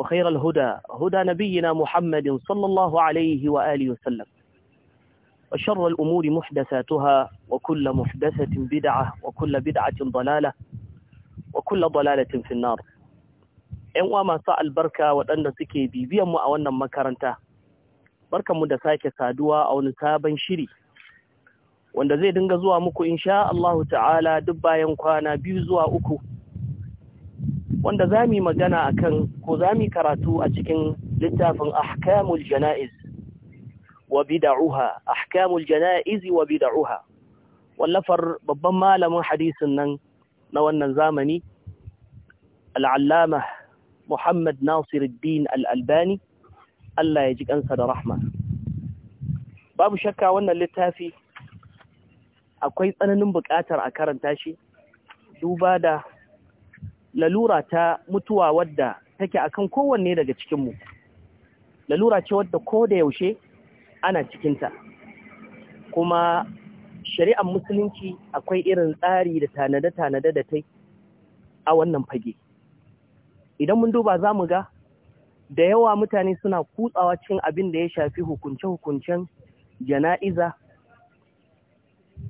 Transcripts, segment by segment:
وخير الهدى هدى نبينا محمد صلى الله عليه وآله وسلم وشر الأمور محدثاتها وكل محدثة بدعة وكل بدعة ضلالة وكل ضلالة في النار ‘yan uwa masu albarka waɗanda suke bibiyanmu a wannan makaranta, barkanmu da sake saduwa a wani sabon shiri, wanda zai dinga zuwa muku insha Allahu ta'ala duk bayan kwana biyu zuwa uku wanda za mu yi magana a kan ko za mu yi karatu a cikin littafin ahkamul jana'iz wa bida'uha ahkamul jana'iz wa bida'uha wallafar babban malamin hadisin nan na wannan zamani al'allama Muhammad din al'albani Allah ya ji kansa da rahma babu shakka wannan littafi akwai tsananin bukatar a karanta shi duba da lalura ta mutuwa wadda take akan kowanne daga cikinmu lalura ce wadda ko da yaushe ana cikinta kuma shari'ar musulunci akwai irin tsari da tanada-tanada da ta a wannan fage idan mun duba za mu ga da yawa mutane suna kutsawa cikin abin da ya shafi hukunce-hukuncen jana'iza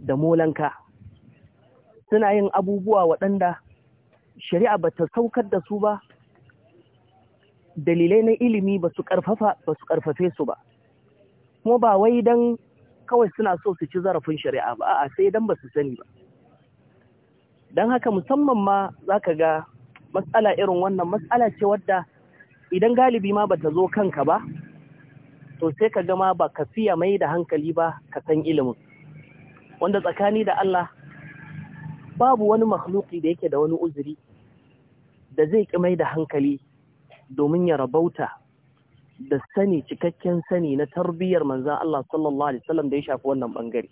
da molanka suna yin abubuwa waɗanda shari'a ba ta saukar da su ba dalilai na ilimi ba su ba karfafe su ba kuma ba wai don kawai suna so su ci zarafin shari'a ba a sai dan ba su sani ba don haka musamman ma za ka ga matsala irin wannan matsala ce wadda idan galibi ma bata zo kanka ba to sai ka gama ba ka fiya mai da hankali ba ka san ilimin wanda tsakani da Allah babu wani makhluki da yake da wani uzuri da zai ƙi mai da hankali domin ya rabauta da sani cikakken sani na tarbiyyar manzan Allah sallallahu Alaihi wasallam da ya shafi wannan bangare.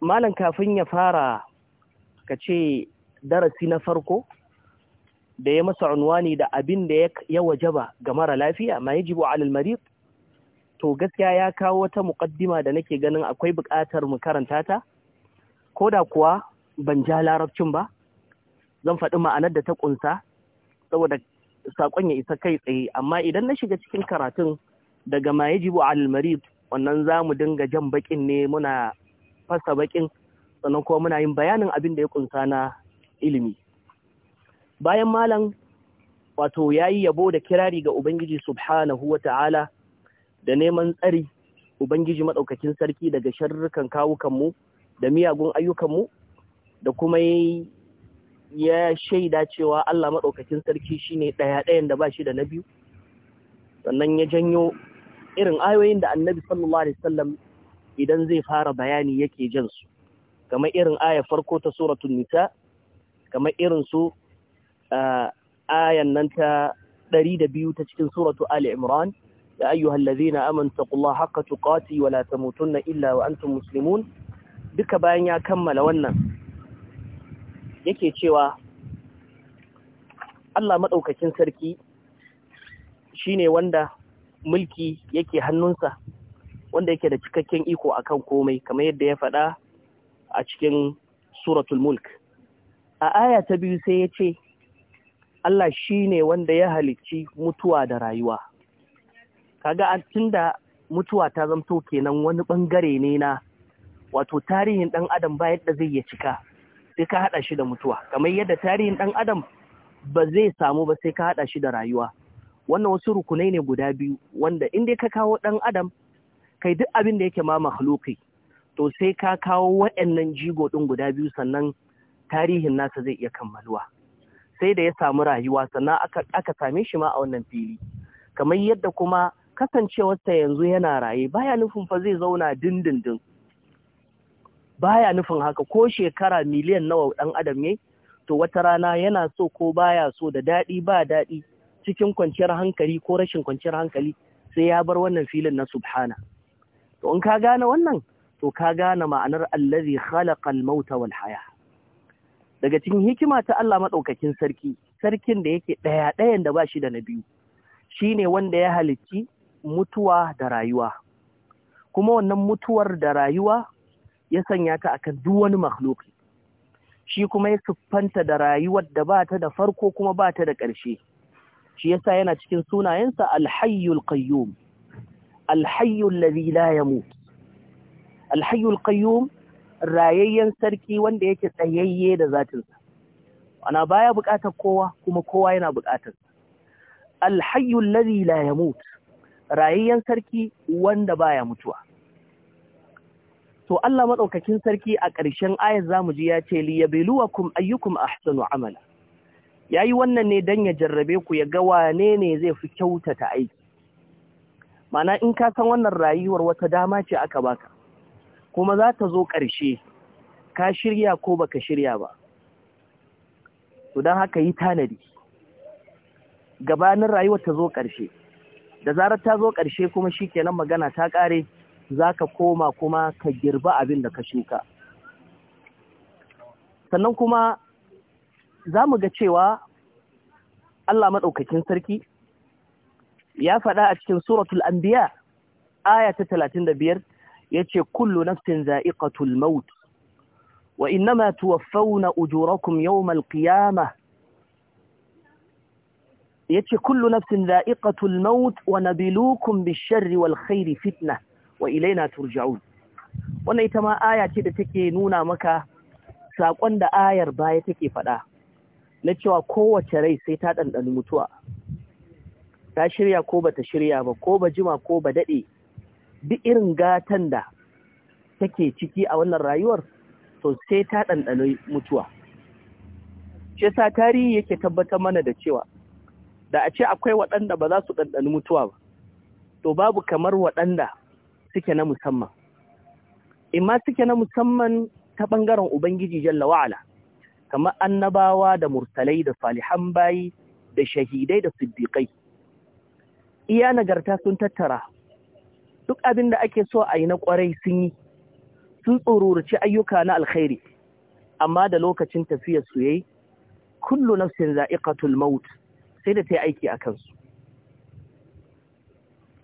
Malam kafin ya fara ka ce darasi na farko da ya masa unwani da abin da ya wajaba ga mara lafiya ma yi jibo alal to gaskiya ya kawo wata muƙaddima da nake ganin akwai buƙatar mu karanta ta ko da kuwa ban ja larabcin ba zan faɗi ma'anar da ta ƙunsa saboda saƙon ya isa kai tsaye amma idan na shiga cikin karatun daga ma yajibu al wannan za mu dinga jan baƙin ne muna fasa baƙin sannan kuma muna yin bayanin abin da ya ƙunsa na ilimi bayan malam wato ya yi yabo da kirari ga Ubangiji subhanahu wa ta'ala da neman tsari Ubangiji maɗaukakin sarki daga sharrukan kawukanmu da miyagun ayyukanmu da kuma ya shaida cewa Allah maɗaukakin sarki shine ɗaya ɗayan da ba shi da na biyu sannan ya janyo irin ayoyin da annabi sallallahu alaihi wasallam idan zai fara bayani yake jan su kamar irin aya farko ta suratul nisa kamar irin su ayan nan ta biyu ta cikin suratul ali imran ya ayyuhallazina amantu taqullaha haqqa tuqati wa la tamutunna illa wa antum muslimun duka bayan ya kammala wannan yake cewa Allah maɗaukakin sarki shi ne wanda mulki yake hannunsa wanda yake da cikakken iko akan komai kamar yadda ya faɗa a cikin suratul mulk a aya ta biyu sai ya ce Allah shi ne wanda ya halicci mutuwa da rayuwa kaga da mutuwa ta zamto kenan wani bangare ne na wato tarihin ɗan adam ba yadda zai ya cika sai ka haɗa shi da mutuwa kamar yadda tarihin ɗan adam ba zai samu ba sai ka haɗa shi da rayuwa wannan wasu rukunai ne guda biyu wanda in dai ka kawo ɗan adam kai duk abin da yake ma mahaluki to sai ka kawo waɗannan jigo ɗin guda biyu sannan tarihin nasa zai iya kammaluwa sai da ya samu rayuwa sannan aka same shi ma a wannan fili kamar yadda kuma kasancewarsa yanzu yana raye baya nufin fa zai zauna dindindin baya nufin haka ko shekara miliyan nawa ɗan adam yayi to wata rana yana so ko baya so da daɗi ba daɗi cikin kwanciyar hankali ko rashin kwanciyar hankali sai ya bar wannan filin na subhana to in ka gane wannan to ka gane ma'anar allazi khalaqal mauta wal haya daga cikin hikima ta Allah madaukakin sarki sarkin da yake ɗaya ɗayan da ba shi da na biyu shine wanda ya halicci mutuwa da rayuwa kuma wannan mutuwar da rayuwa ya sanya ta akan duk wani makhluki shi kuma ya siffanta da rayuwar da ba ta da farko kuma ba ta da ƙarshe shi yasa yana cikin sunayensa alhayyul qayyum alhayyul ladhi la yamut alhayyul qayyum rayayyen sarki wanda yake tsayayye da zatinsa ana baya buƙatar kowa kuma kowa yana buƙatar alhayyul ladhi la yamut rayayyen sarki wanda baya mutuwa to Allah maɗaukakin sarki a ƙarshen ayar zamu ji ya ce li yabluwakum ayyukum ahsanu amala yayi wannan ne dan ya jarrabe ku ya ga wane ne zai fi kyautata aiki Mana in ka san wannan rayuwar wata dama ce aka baka kuma za ta zo ƙarshe ka shirya ko baka shirya ba to don haka yi tanadi gabanin rayuwar ta zo ƙarshe da zarar ta zo ƙarshe kuma shikenan magana ta ƙare za ka koma kuma ka girba abin da ka shuka sannan kuma za mu ga cewa Allah maɗaukakin sarki ya faɗa a cikin suratul anbiya aya ta talatin da biyar ya ce kullu nafsin za'iqatul maut wa innama tuwaffawna ujurakum yawmal qiyamah yace kullu nafsin za'iqatul maut wa nabilukum bish-sharri wal khairi fitnah wa ilaina turja'un wannan ita ma aya ce da take nuna maka saƙon da ayar baya take faɗa na cewa kowace rai sai ta ɗanɗani mutuwa ta shirya ko ba ta shirya ba ko ba jima ko ba daɗe duk irin gatan da take ciki a wannan rayuwar to sai ta ɗanɗani mutuwa shi sa tarihi yake tabbatar mana da cewa da a ce akwai waɗanda ba za su ɗanɗani mutuwa ba to babu kamar waɗanda suke na musamman imma suke na musamman ta ɓangaren ubangiji jalla wa'ala kamar annabawa da murtalai da salihan bayi da shahidai da siddiƙai iya nagarta sun tattara duk abin da ake so a yi na ƙwarai sun yi sun tsorurci ayyuka na alkhairi amma da lokacin tafiyar su yayi kullu nafsin za'iqatul maut sai da ta yi aiki a kansu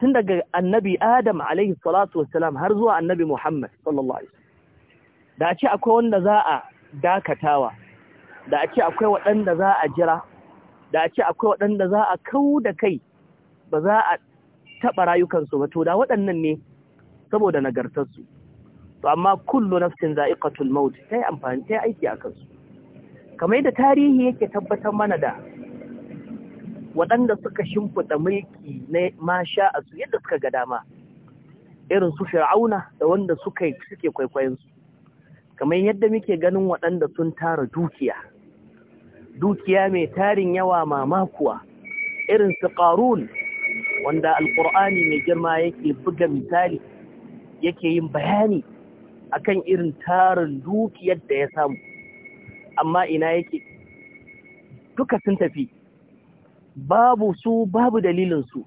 tun daga annabi Adam alaihi salatu wassalam har zuwa annabi Muhammad sallallahu alaihi da a ce akwai wanda za a dakatawa da a ce akwai waɗanda za a jira da a ce akwai waɗanda za a kau da kai ba za a taɓa rayukansu ba to da waɗannan ne saboda nagartarsu to amma kullu nafsin za'iqatul maut sai amfani sai aiki a kansu kamar yadda tarihi yake tabbatar mana da waɗanda suka shimfiɗa mulki na masha a su yadda suka ga dama irin su fir'auna da wanda suka suke kwaikwayon su kamar yadda muke ganin waɗanda sun tara dukiya dukiya mai tarin yawa mamakuwa irin su qarun wanda alqur'ani mai girma yake buga misali yake yin bayani akan irin tarin dukiyar da ya samu amma ina yake duka sun tafi babu su babu dalilin su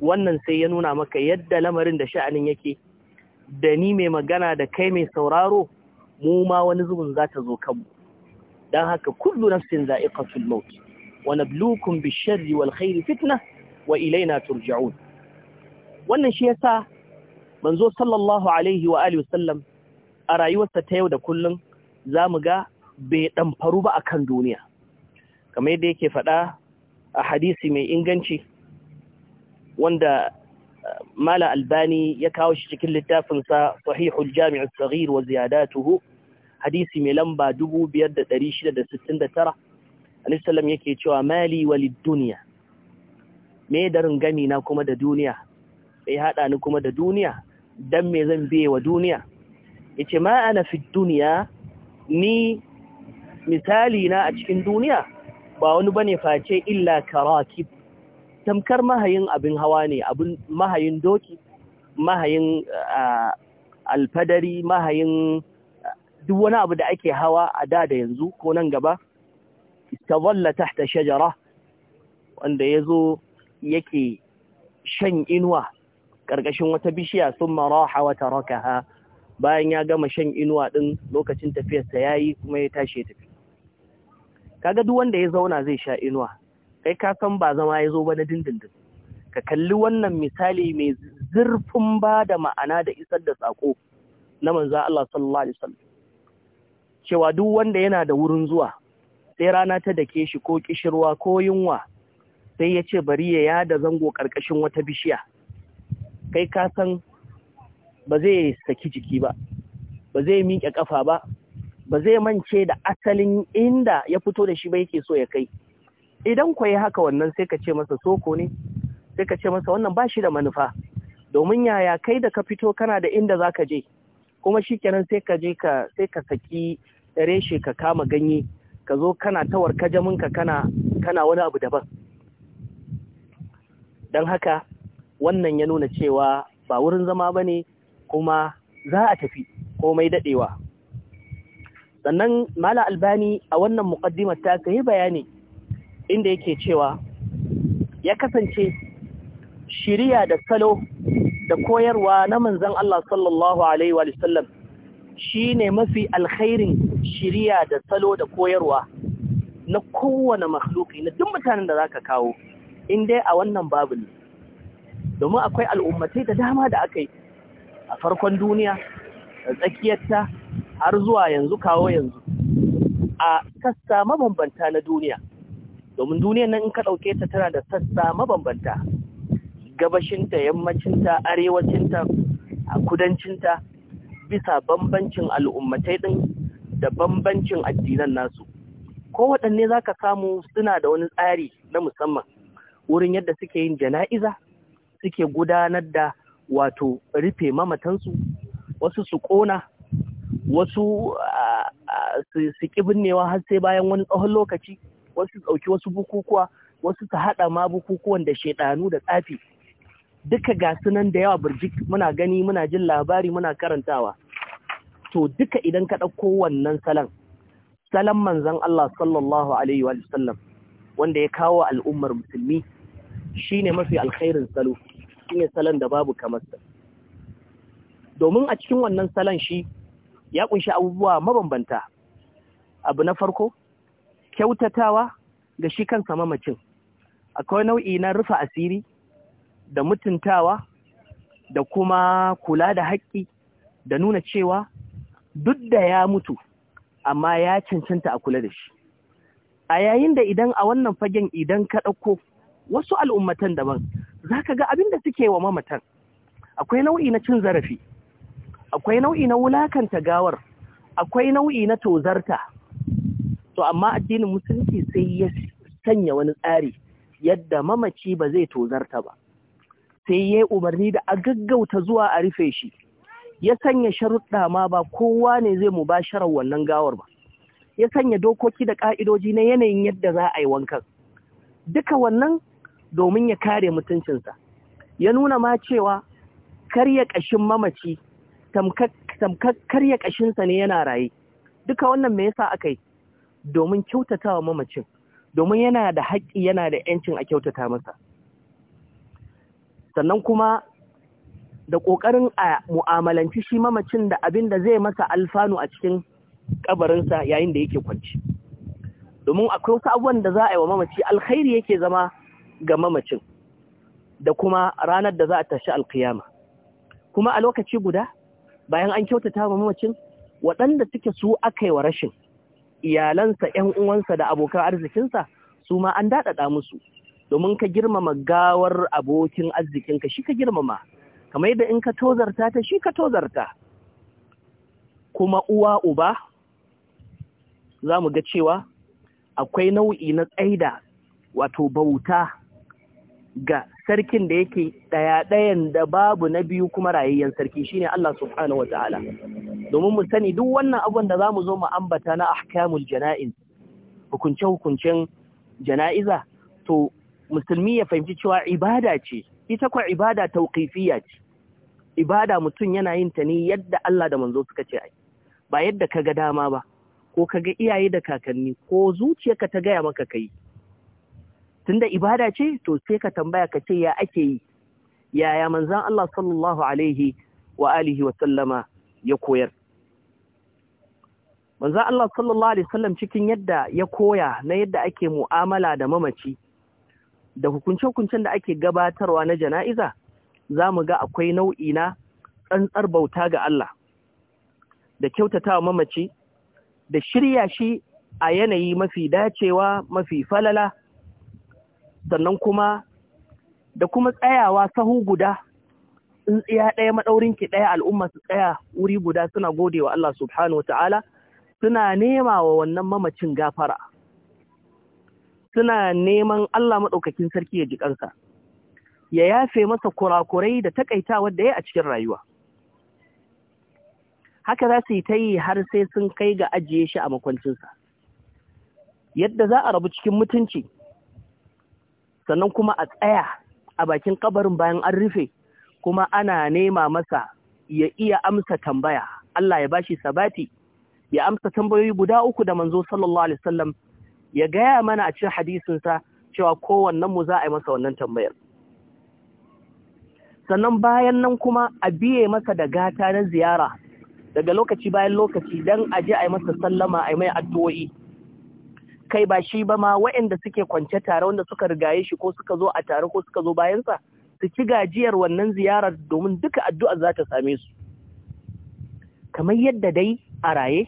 wannan sai ya nuna maka yadda lamarin da sha'anin yake da ni mai magana da kai mai sauraro mu ma wani zubin za ta zo kanmu don haka kullu nafsin za'iqatul maut wa nabluukum bish-sharri wal khairi fitna wa ilaina turja'un wannan shi yasa manzo sallallahu alaihi wa alihi wasallam a rayuwarsa ta yau da kullum zamu ga bai dan faru ba akan duniya kamar yadda yake faɗa a hadisi mai inganci wanda eh, mala albani ya kawo shi cikin littafinsa sahihul jami'ar saghir wa ziyadatuhu hadisi mai lamba 5669 alisalam yake cewa mali walid duniya me darin gani na kuma da duniya me haɗa ni kuma da duniya dan me zan biye wa duniya yace ma ana fi duniya ni misali na a cikin duniya ba wani bane face illa karakib tamkar mahayin abin hawa ne abin mahayin doki mahayin alfadari mahayin duk wani abu da ake hawa a da da yanzu ko nan gaba istazalla tahta shajara wanda yazo yake shan inuwa ƙarƙashin wata bishiya sun maraha wata tarakaha bayan ya gama shan inuwa ɗin lokacin tafiyarsa ya yi kuma ya tashi ya tafi kaga duk wanda ya zauna zai sha inuwa kai ka san ba zama ya zo ba na dindindin ka kalli wannan misali mai zurfin ba da ma'ana da isar da sako na manzo Allah sallallahu alaihi wasallam cewa duk wanda yana da wurin zuwa sai rana ta dake shi ko kishirwa ko yunwa sai ya ce bari ya yada zango karkashin wata bishiya kai ka san ba zai saki jiki ba ba zai miƙe ƙafa ba ba zai mance da asalin inda ya fito da shi ba yake so ya kai idan ku yi haka wannan sai ka ce masa soko ne sai ka ce masa wannan ba shi da manufa domin yaya kai da ka fito kana da inda za ka je kuma shi kenan sai ka je ka sai ka saki reshe ka kama ganye ka zo kana tawar kajaminka kana kana wani abu daban don haka wannan ya nuna cewa ba wurin zama ba ne kuma za a tafi komai daɗewa sannan mala albani a wannan mukaddimar ta yi bayani inda yake cewa ya kasance shiriya da salo da koyarwa na manzon Allah sallallahu alaihi wa sallam shine mafi alkhairin shiriya da salo da koyarwa na kowane makhluki na duk mutanen da za ka kawo in dai a wannan babul domin akwai al'ummatai da dama da aka yi a farkon duniya da tsakiyarta har zuwa yanzu kawo yanzu a sassa mabambanta na duniya domin duniyan nan in ka ɗauke ta tana da sassa mabambanta gabashinta yammacinta arewacinta a kudancinta bisa bambancin al'ummatai ɗin da bambancin addinan nasu ko waɗanne za ka samu suna da wani tsari na musamman wurin yadda suke yin jana'iza suke gudanar da wato rufe mamatansu wasu su ƙona wasu su ƙi binnewa har sai bayan wani tsawon lokaci wasu ɗauki wasu bukukuwa wasu su haɗa ma bukukuwan da shaidanu da tsafi duka ga nan da yawa birjik muna gani muna jin labari muna karantawa to duka idan ka ɗauko wannan salon salon manzon Allah sallallahu alaihi wa sallam wanda ya kawo al'ummar musulmi shine mafi alkhairin salo shine salon da babu kamar domin a cikin wannan salon shi ya kunshi abubuwa mabambanta abu na farko kyautatawa ga shi kansa mamacin akwai nau'i na rufe asiri da mutuntawa da kuma kula da haƙƙi da nuna cewa duk da ya mutu amma ya cancanta a kula da shi a yayin da idan a wannan fagen idan ka ɗauko wasu al'ummatan daban za ka ga abin da suke wa mamatan akwai nau'i na cin zarafi akwai nau'i na wulakanta gawar akwai nau'i na tozarta to amma addinin musulunci sai ya sanya wani tsari yadda mamaci ba zai tozarta ba sai ya yi umarni da a zuwa a rufe shi ya sanya sharuɗa ma ba kowa ne zai mu ba sharar wannan gawar ba ya sanya dokoki da ƙa'idoji na yanayin yadda za a yi wankan duka wannan domin ya kare mutuncinsa ya nuna ma cewa kar ya ƙashin mamaci tamkar karya ƙashinsa ne yana raye duka wannan me yasa aka yi domin kyautatawa mamacin domin yana da haƙƙi yana da ‘yancin a kyautata masa sannan kuma da ƙoƙarin a mu'amalanci shi mamacin da abin da zai masa alfanu a cikin ƙabarinsa yayin da yake kwanci domin akwai wasu abubuwan da za a yi wa mamaci alkhairi yake zama ga mamacin da kuma ranar da za a tashi alkiyama kuma a lokaci guda bayan an kyautata ma mamacin waɗanda suke su aka yi wa rashin iyalansa ‘yan uwansa da abokan arzikinsa su ma an daɗaɗa musu domin ka girmama gawar abokin arzikinka shi ka girmama kamar yadda in ka tozarta ta shi ka tozarta kuma uwa uba za mu ga cewa akwai nau'i na tsaida wato bauta ga sarkin da yake ɗaya-ɗayan da babu na biyu kuma rayayyen sarki shine Allah subhanahu wataala domin mu sani duk wannan abin da za mu zo mu ambata na ahkamul jana'iz hukunce-hukuncen jana'iza to musulmi ya fahimci cewa ibada ce ita kwa ibada tauqifiyya ce ibada mutum yana yin ta ne yadda Allah da manzo suka ce ai ba yadda ka ga dama ba ko kaga iyaye da kakanni ko zuciyarka ta gaya maka kai tunda ibada ce to sai ka tambaya ka ce ya ake yi yaya manzan Allah sallallahu alaihi wa alihi wa sallama ya koyar manzan Allah sallallahu alaihi sallam cikin yadda ya koya na yadda ake mu'amala da mamaci da hukunce-hukuncen da ake gabatarwa na jana'iza za mu ga akwai nau'i na tsantsar bauta ga Allah da kyautatawa mamaci da shirya shi a yanayi mafi dacewa mafi falala sannan kuma da kuma tsayawa sahu guda in tsaya ɗaya maɗaurin ki ɗaya al'umma su tsaya wuri guda suna gode wa Allah subhanahu ta'ala suna nema wa wannan mamacin gafara suna neman Allah maɗaukakin sarki ya ji kansa ya yafe masa kurakurai da takaitawar da ya a cikin rayuwa haka za su yi ta yi har sai sun kai ga ajiye shi a makwancinsa yadda za a rabu cikin mutunci sannan kuma a tsaya a bakin kabarin bayan an rufe kuma ana nema masa ya iya amsa tambaya Allah ya bashi sabati ya amsa tambayoyi guda uku da manzo sallallahu alaihi wasallam ya gaya mana a cikin hadisin sa cewa kowannen mu za a yi masa wannan tambayar sannan bayan nan kuma a biye masa da gata na ziyara daga lokaci bayan lokaci dan aje a yi masa sallama a yi mai addu'o'i kai ba shi ba ma waɗanda suke kwance tare wanda suka rigaye shi ko suka zo a tare ko suka zo bayansa su ci gajiyar wannan ziyarar domin duka addu'a za ta same su kamar yadda dai a raye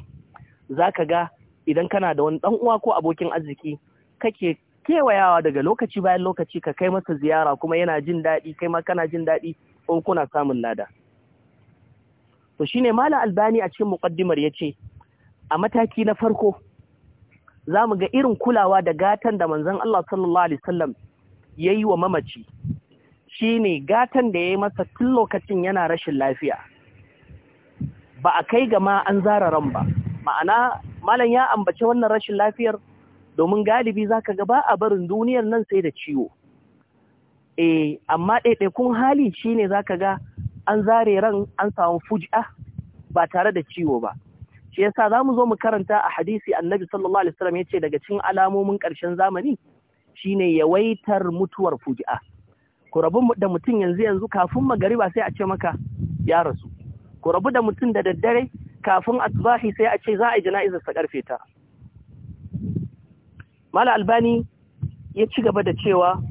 za ka ga idan kana da wani uwa ko abokin arziki kake kewayawa daga lokaci bayan lokaci ka kai masa ziyara kuma yana jin daɗi kai ma kana jin daɗi ko kuna samun lada to shine malam albani a cikin ya ce a mataki na farko za mu ga irin kulawa da gatan da manzon Allah sallallahu alaihi wasallam ya yi wa mamaci shi ne gatan da ya yi masa tun lokacin yana rashin lafiya ba a kai gama an zara ran ba ma'ana malam ya ambace wannan rashin lafiyar domin galibi za ka gaba a barin duniyar nan sai da ciwo eh amma ɗaiɗaikun hali shi ne za ka ga an zare ran an samu fuji'a ba tare da ciwo ba shi yasa za mu zo mu karanta a hadisi annabi sallallahu alaihi wasallam yace daga cikin alamomin ƙarshen zamani shine yawaitar mutuwar fuji'a ku rabu da mutum yanzu yanzu kafin magariba sai a ce maka ya rasu ku rabu da mutum da daddare kafin asbahi sai a ce za a yi jana'izar sa karfe ta mala albani ya ci gaba da cewa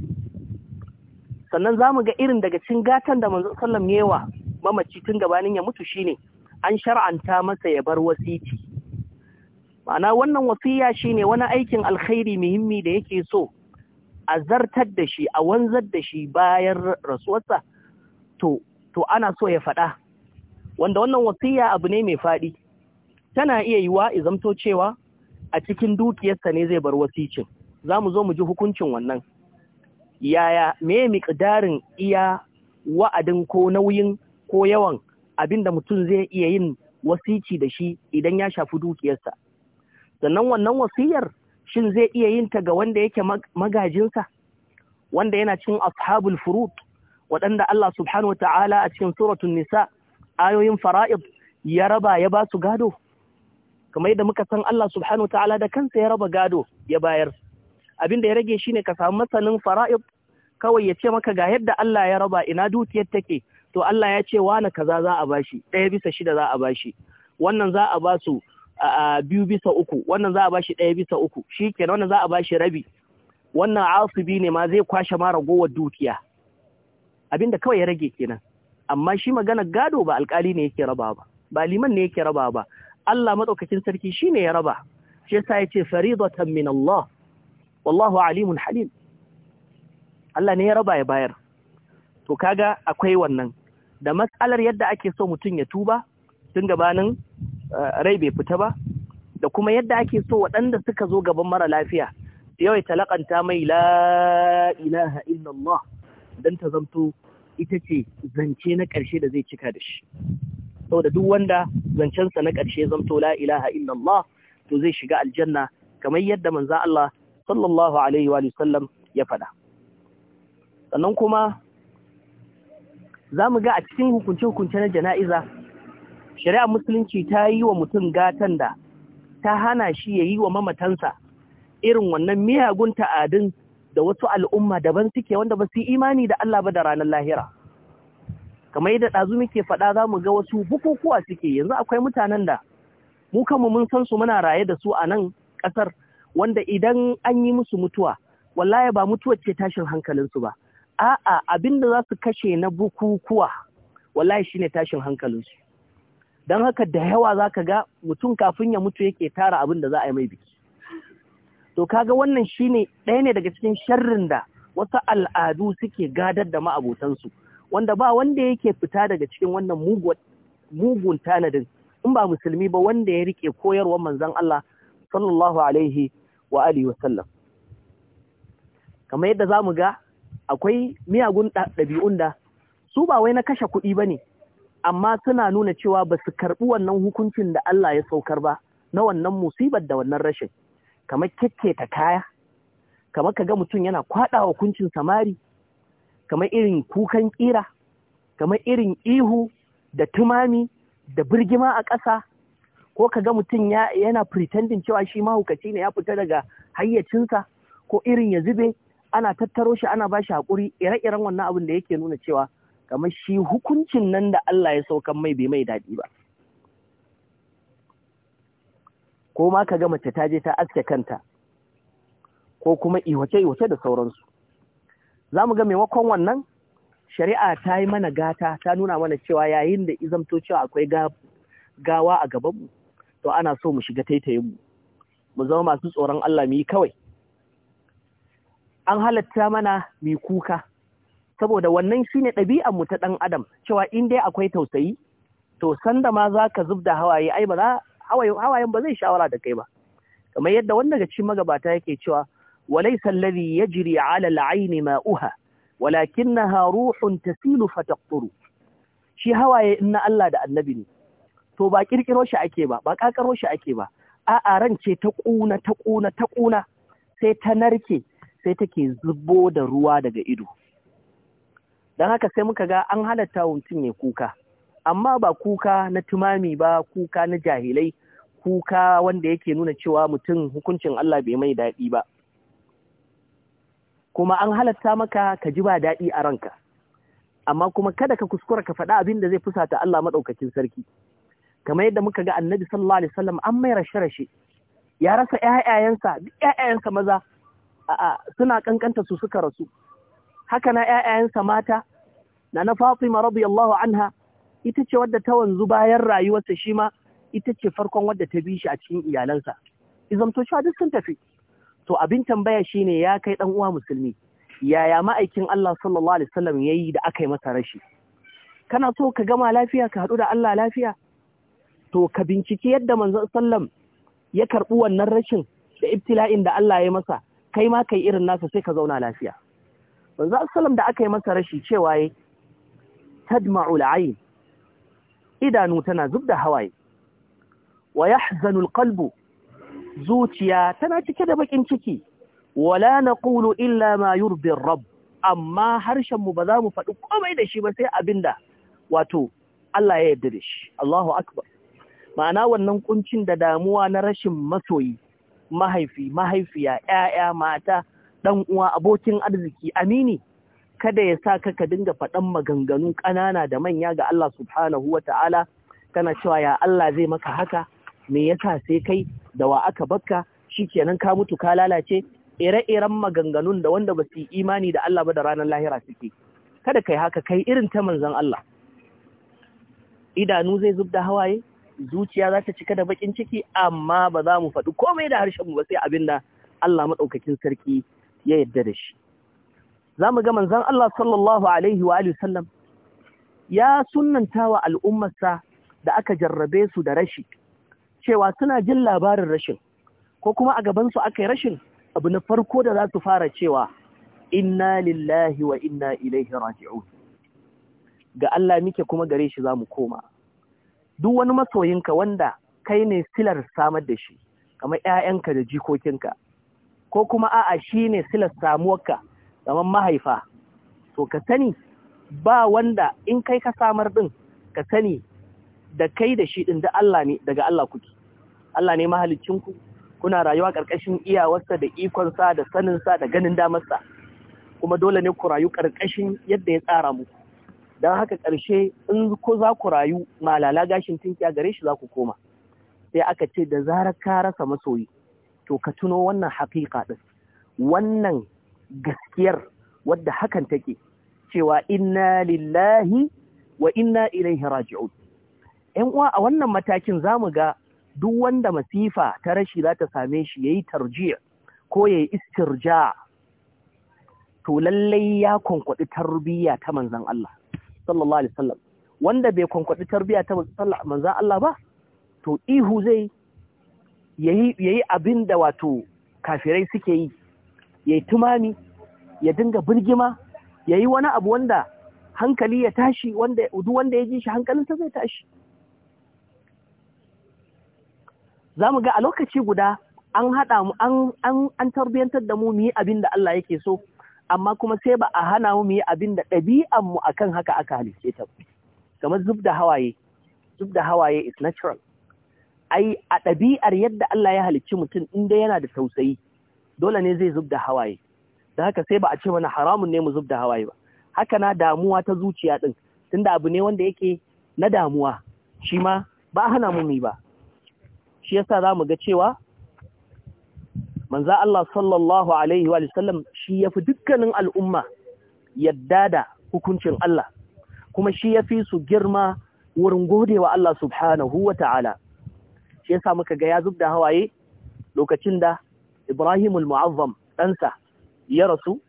sannan za mu ga irin daga cikin gatan da manzon sallam yewa mamaci tun gabanin ya mutu shine ne an shar'anta masa ya bar wasiti ma'ana wannan wasiya shine wani aikin alkhairi muhimmi da yake so a zartar da shi a wanzar da shi bayan rasuwarsa to ana so ya faɗa wanda wannan wasiya abu ne mai faɗi tana iya yiwa izamto cewa a cikin dukiyarsa ne zai bar wasicin za mu zo mu ji hukuncin wannan yaya me miƙdarin iya wa'adin ko nauyin ko yawan Abin da mutum zai iya yin wasici da shi idan ya shafi dukiyarsa sannan wannan wasiyar shin zai iya yin ta ga wanda yake magajinsa wanda yana cin ashabul furut waɗanda Allah subhanahu Ta'ala a cikin suratun nisa ayoyin fara'id ya raba ya ba su gado kamar yadda muka san Allah subhanahu Ta'ala da kansa ya raba gado ya bayar abin da ya rage shine ka samu masanin fara'id kawai ya ce maka ga yadda Allah ya raba ina dukiyar take to Allah ya ce wani kaza za a bashi ɗaya bisa shida za a bashi wannan za a basu biyu bisa uku wannan za a bashi ɗaya bisa uku shi kenan wannan za a bashi rabi wannan asibi ne ma zai kwashe ma ragowar dukiya abinda kawai ya rage kenan amma shi magana gado ba alkali ne yake raba ba ba liman ne yake raba ba Allah madaukakin sarki shine ya raba shi yasa yace faridatan min Allah wallahu alimun halim Allah ne ya raba ya bayar to kaga akwai wannan da matsalar yadda ake so mutum ya tuba tun gabanin eh, rai bai fita ba da kuma yadda ake so waɗanda suka zo gaban mara lafiya su yawai talakanta mai la ilaha illallah don ta zamto ita ce zance na ƙarshe da zai cika da shi saboda duk wanda zancensa na ƙarshe zamto la ilaha illallah to zai shiga aljanna kamar yadda manza Allah sallallahu alaihi wa sallam ya faɗa sannan kuma za mu ga a cikin hukunce-hukunce na jana'iza shari'a musulunci ta yi wa mutum gatan da ta hana shi ya yi wa mamatansa irin wannan miyagun ta'adin da wasu al'umma daban suke wanda ba su imani da Allah ba da ranar lahira kamar yadda ɗazu muke faɗa za mu ga wasu bukukuwa suke yanzu akwai mutanen da mu kanmu mun san su muna raye da su a nan ƙasar wanda idan an yi musu mutuwa wallahi ba mutuwar ce tashin hankalinsu ba a'a abin da za su kashe na bukukuwa wallahi shine tashin hankalinsu don haka da yawa za ka ga mutum kafin ya mutu yake tara abin da za a yi mai biki to kaga wannan shine ɗaya ne daga cikin sharrin da wasu al'adu suke gadar da ma'abotansu wanda ba wanda yake fita daga cikin wannan mugun tanadin in ba musulmi ba wanda ya rike koyarwar manzon Allah sallallahu alaihi wa wasallam kamar yadda za mu ga akwai miyagun ɗabi'un da su ba wai na kashe kuɗi ba ne amma suna nuna cewa ba su karɓi wannan hukuncin da Allah ya saukar ba na wannan musibar da wannan rashin kamar ta kaya kamar ka ga mutum yana kwaɗa hukuncin samari kamar irin kukan ƙira kamar irin ihu da tumami da birgima a ƙasa ko ka ga mutum yana pretending cewa shi mahaukaci ne ya fita daga hayyacinsa ko irin ya zube ana tattaro shi ana ba shi haƙuri ire-iren wannan abin da yake nuna cewa kamar shi hukuncin nan da Allah ya saukan mai bai mai daɗi ba. Ko ma ka ga mace ta je ta aske kanta ko kuma iwace-iwace da sauransu. Za mu ga maimakon wannan shari'a ta yi mana gata ta nuna mana cewa yayin da izamto cewa akwai gawa a gabanmu to ana so mu shiga taitayinmu mu zama masu tsoron Allah mu yi kawai. an halatta mana mai kuka saboda wannan shine ɗabi'an mu ta ɗan adam cewa in dai akwai tausayi to sanda ma za ka zubda hawaye ai ba hawayen ba zai shawara da kai ba kamar yadda wanda daga cikin magabata yake cewa walaysa alladhi yajri ala al'ayn ma'uha walakinaha ruhun tasilu fataqturu shi hawaye in na Allah da annabi ne to ba kirkiro shi ake ba ba kakaro shi ake ba a'a ran ce ta kuna ta kuna ta kuna sai ta narke sai take zubo da ruwa daga ido don haka sai muka ga an halatta wa mutum ya kuka amma ba kuka na tumami ba kuka na jahilai kuka wanda yake nuna cewa mutum hukuncin Allah bai mai daɗi ba kuma an halatta maka ka ji ba daɗi a ranka amma kuma kada ka kuskura ka faɗa abin da zai fusata Allah maɗaukakin sarki kamar yadda muka ga annabi sallallahu alaihi wasallam an mai rashe-rashe ya rasa 'ya'yayansa, duk ƴaƴayensa maza suna kankanta su suka rasu haka na 'ya'yansa mata na na Fatima radiyallahu anha ita ce wadda ta wanzu bayan rayuwarsa shi ma ita ce farkon wadda ta bi shi a cikin iyalansa izamto shi duk sun tafi to abin tambaya shine ya kai dan uwa musulmi yaya ma'aikin Allah sallallahu alaihi wasallam yayi da aka yi masa rashi kana so ka gama lafiya ka haɗu da Allah lafiya to ka binciki yadda manzon sallam ya karɓi wannan rashin da ibtila'in da Allah ya masa kai ma kai irin nasa sai ka zauna lafiya manzo assalam da aka yi masa rashi cewa yi tadma'u al'ayn idanu tana zubda hawaye wa yahzanu al-qalbu zuciya tana cike da bakin ciki wala naqulu illa ma yurdi ar-rabb amma harshen mu ba za mu faɗi komai da shi ba sai abinda wato Allah ya yarda da shi Allahu akbar ma'ana wannan kuncin da damuwa na rashin masoyi mahaifi mahaifiya ‘ya'ya mata ɗan uwa abokin arziki amini kada ya sa ka dinga faɗan maganganu ƙanana da manya ga Allah subhanahu wa ta'ala kana cewa ya Allah zai maka haka me yasa sai kai da wa aka bakka kenan ka mutu ka lalace ire-iren maganganun da wanda ba su imani da Allah ba da ranar lahira suke kada kai haka kai irin ta manzon Allah idanu zai zubda hawaye zuciya za ta cika da bakin ciki amma ba za mu faɗi komai da harshen mu ba sai abin da Allah maɗaukakin sarki ya yarda da shi za mu ga manzon Allah sallallahu alaihi wa sallam ya sunnanta wa al'ummarsa da aka jarrabe su da rashi cewa suna jin labarin rashin ko kuma a gabansu aka yi rashin abu na farko da za su fara cewa inna lillahi wa inna ilaihi raji'un ga Allah muke kuma gare shi za mu koma duk wani masoyinka wanda kai ne silar samar da shi kamar ‘ya'yanka da jikokinka ko kuma a'a shi ne silar samuwarka kamar mahaifa to ka sani ba wanda in kai ka samar ɗin ka sani da kai da shi ɗin Allah ne daga Allah kuke Allah ne mahalicinku kuna rayuwa ƙarƙashin iyawarsa da ikonsa da saninsa da ganin damarsa kuma dole ne ku rayu ƙarƙashin yadda ya tsara muku don haka ƙarshe in ko za ku rayu malala gashin tunkiya gare shi za ku koma sai aka ce da zarar ka rasa masoyi to ka tuno wannan haƙiƙa ɗin wannan gaskiyar wadda hakan take cewa inna lillahi wa inna ilaihi raji'un ƴan uwa a wannan matakin za mu ga duk wanda masifa ta rashi za ta same shi ya yi tarjiya ko ya yi istirja to lallai ya kwankwaɗi tarbiyya ta manzon Allah sallallahu alaihi wasallam wanda bai kwankwaɗi tarbiya ta manzan Allah ba to ihu zai yayi abin da wato kafirai suke yi yayi tumami ya dinga birgima yayi wani abu wanda hankali ya tashi wanda duk wanda ya ji shi hankalinsa zai tashi za mu ga a lokaci guda an haɗa mu an tarbiyantar da mu mu yi abin da Allah yake so amma kuma sai ba a hana mu yi abin da ɗabi'an mu akan haka aka halice ta kamar zub da hawaye zub da hawaye is natural ai a ɗabi'ar yadda Allah ya halicci mutum inda yana da tausayi dole ne zai zub da hawaye da haka sai ba a ce mana haramun ne mu zub da hawaye ba haka na damuwa ta zuciya din tunda abu ne wanda yake na damuwa shi ma ba hana mu ba shi yasa zamu ga cewa manzo Allah sallallahu alaihi wa sallam shi ya fi dukkanin al'umma yadda da hukuncin Allah, kuma shi ya fi su girma wurin godewa Allah subhanahu wa ta'ala. Shi ya samu ga ya zub da hawaye lokacin da Ibrahimul Mu'azzam ɗansa ya rasu,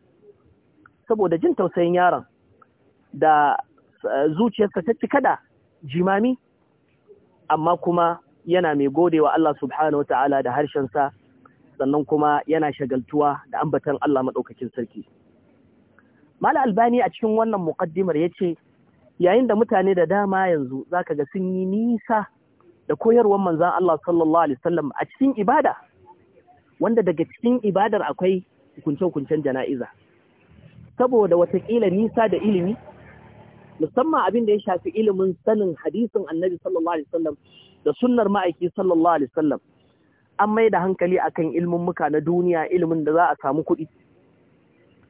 saboda jin tausayin yaron da eh, zuciyarsa ta cika da jimami, amma kuma yana mai godewa Allah subhanahu wa ta'ala da harshensa sannan kuma yana shagaltuwa da ambatan Allah maɗaukakin sarki. Mala Albani a cikin wannan muƙaddimar ya ce, yayin da mutane da dama yanzu za ka ga sun yi nisa da koyarwar manzan Allah sallallahu Alaihi wasallam a cikin ibada, wanda daga cikin ibadar akwai hukunce-hukuncen jana'iza. Saboda watakila nisa da ilimi, musamman abin da ya shafi ilimin sanin hadisin annabi sallallahu Alaihi wasallam da sunnar ma'aiki sallallahu Alaihi wasallam an mai da hankali akan ilmin muka na duniya ilmin da za a samu kuɗi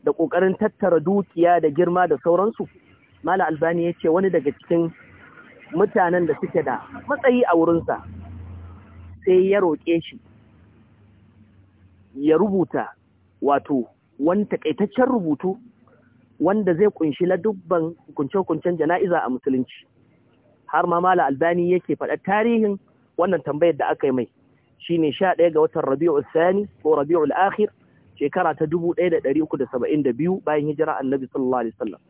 da ƙoƙarin tattara dukiya da girma da sauransu mala albani ya ce wani daga cikin mutanen da suke da matsayi a wurinsa sai ya roƙe shi ya rubuta wato wani takaitaccen rubutu wanda zai kunshi dubban kunce-kuncen jana'iza a musulunci har ma mala albani yake faɗa tarihin wannan tambayar da aka yi mai Shi ne sha ɗaya ga watan Rabi'u Sani ko Rabi'u al'akhir shekara ta dubu ɗaya da da da ɗari uku saba'in biyu, bayan hijira Annabi sallallahu alaihi wasallam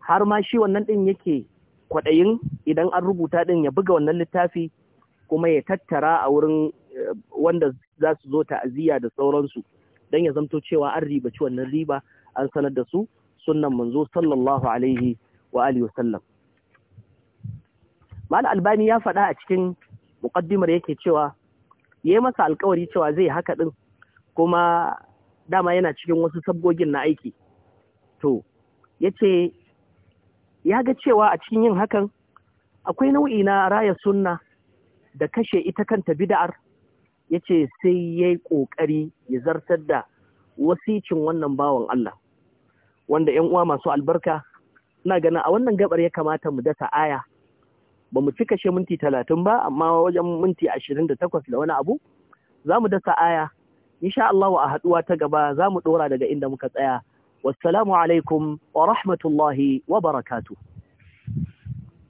har ma shi wannan ɗin yake kwaɗayin idan an rubuta ɗin ya buga wannan littafi kuma ya tattara a wurin eh, wanda za su zo ta'aziyya da sauransu don ya zamto cewa an ribaci wannan riba an sanar da su sunnan manzo sallallahu alaihi wa alihi wasallam mal albani ya faɗa a cikin muqaddimar yake cewa ya yi masa alkawari cewa zai haka ɗin kuma dama yana cikin wasu sabgogin na aiki to ya ce ya ga cewa a cikin yin hakan akwai nau'i na raya sunna da kashe ita kanta bida'ar? ya ce sai ya yi ƙoƙari ya zartar da wasicin wannan bawan Allah wanda ‘yan uwa masu albarka na gana a wannan gabar ya kamata mu dasa aya ba mu ci kashe minti talatin ba amma wajen minti ashirin da takwas da wani abu za mu dasa aya insha Allah a haɗuwa ta gaba za mu ɗora daga inda muka tsaya wassalamu alaikum wa rahmatullahi wa barakatuh